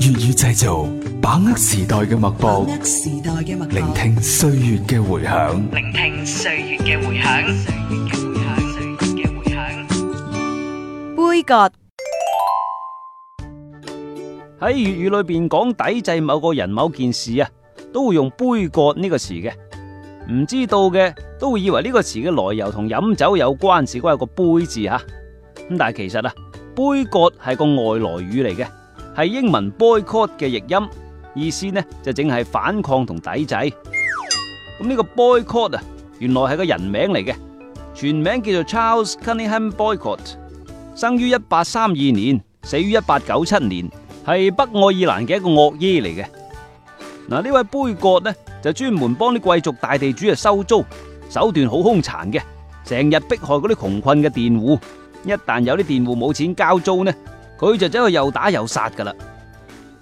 粵語製造，把握時代嘅脈搏，搏，聆聽歲月嘅回響。聆聽歲月嘅回響。歲月嘅回響，歲月嘅回響。杯葛喺粵語裏邊講抵制某個人、某件事啊，都會用杯葛呢個詞嘅。唔知道嘅都會以為呢個詞嘅來由同飲酒有關，事關有個杯字吓啊。咁但係其實啊，杯葛係個外來語嚟嘅。係英文 boycott 嘅譯音，意思呢就淨係反抗同抵制。咁呢個 boycott 啊，原來係個人名嚟嘅，全名叫做 Charles Cunningham Boycott，生於一八三二年，死於一八九七年，係北愛爾蘭嘅一個惡漢嚟嘅。嗱呢位杯葛呢，就專門幫啲貴族大地主啊收租，手段好凶殘嘅，成日迫害嗰啲窮困嘅佃戶，一旦有啲佃戶冇錢交租呢，佢就走去又打又殺噶啦，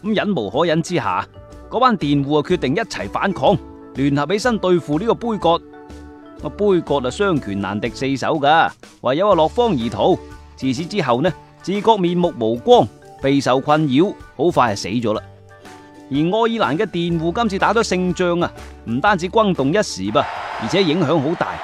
咁忍無可忍之下，嗰班佃戶啊決定一齊反抗，聯合起身對付呢個杯葛。個杯葛啊雙拳難敵四手噶，唯有啊落荒而逃。自此之後呢，自覺面目無光，備受困擾，好快就死咗啦。而愛爾蘭嘅佃戶今次打咗勝仗啊，唔單止轟動一時噃，而且影響好大。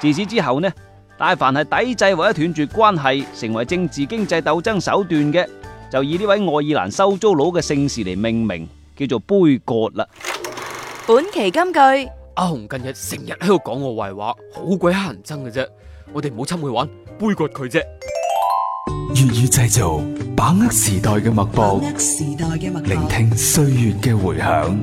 自此之後呢？但凡係抵制或者斷絕關係，成為政治經濟鬥爭手段嘅，就以呢位愛爾蘭收租佬嘅姓氏嚟命名，叫做杯葛啦。本期金句：阿紅近日成日喺度講我壞話，好鬼乞人憎嘅啫，我哋唔好侵佢玩，杯葛佢啫。粵語製造，把握時代嘅脈搏，聆聽歲月嘅回響。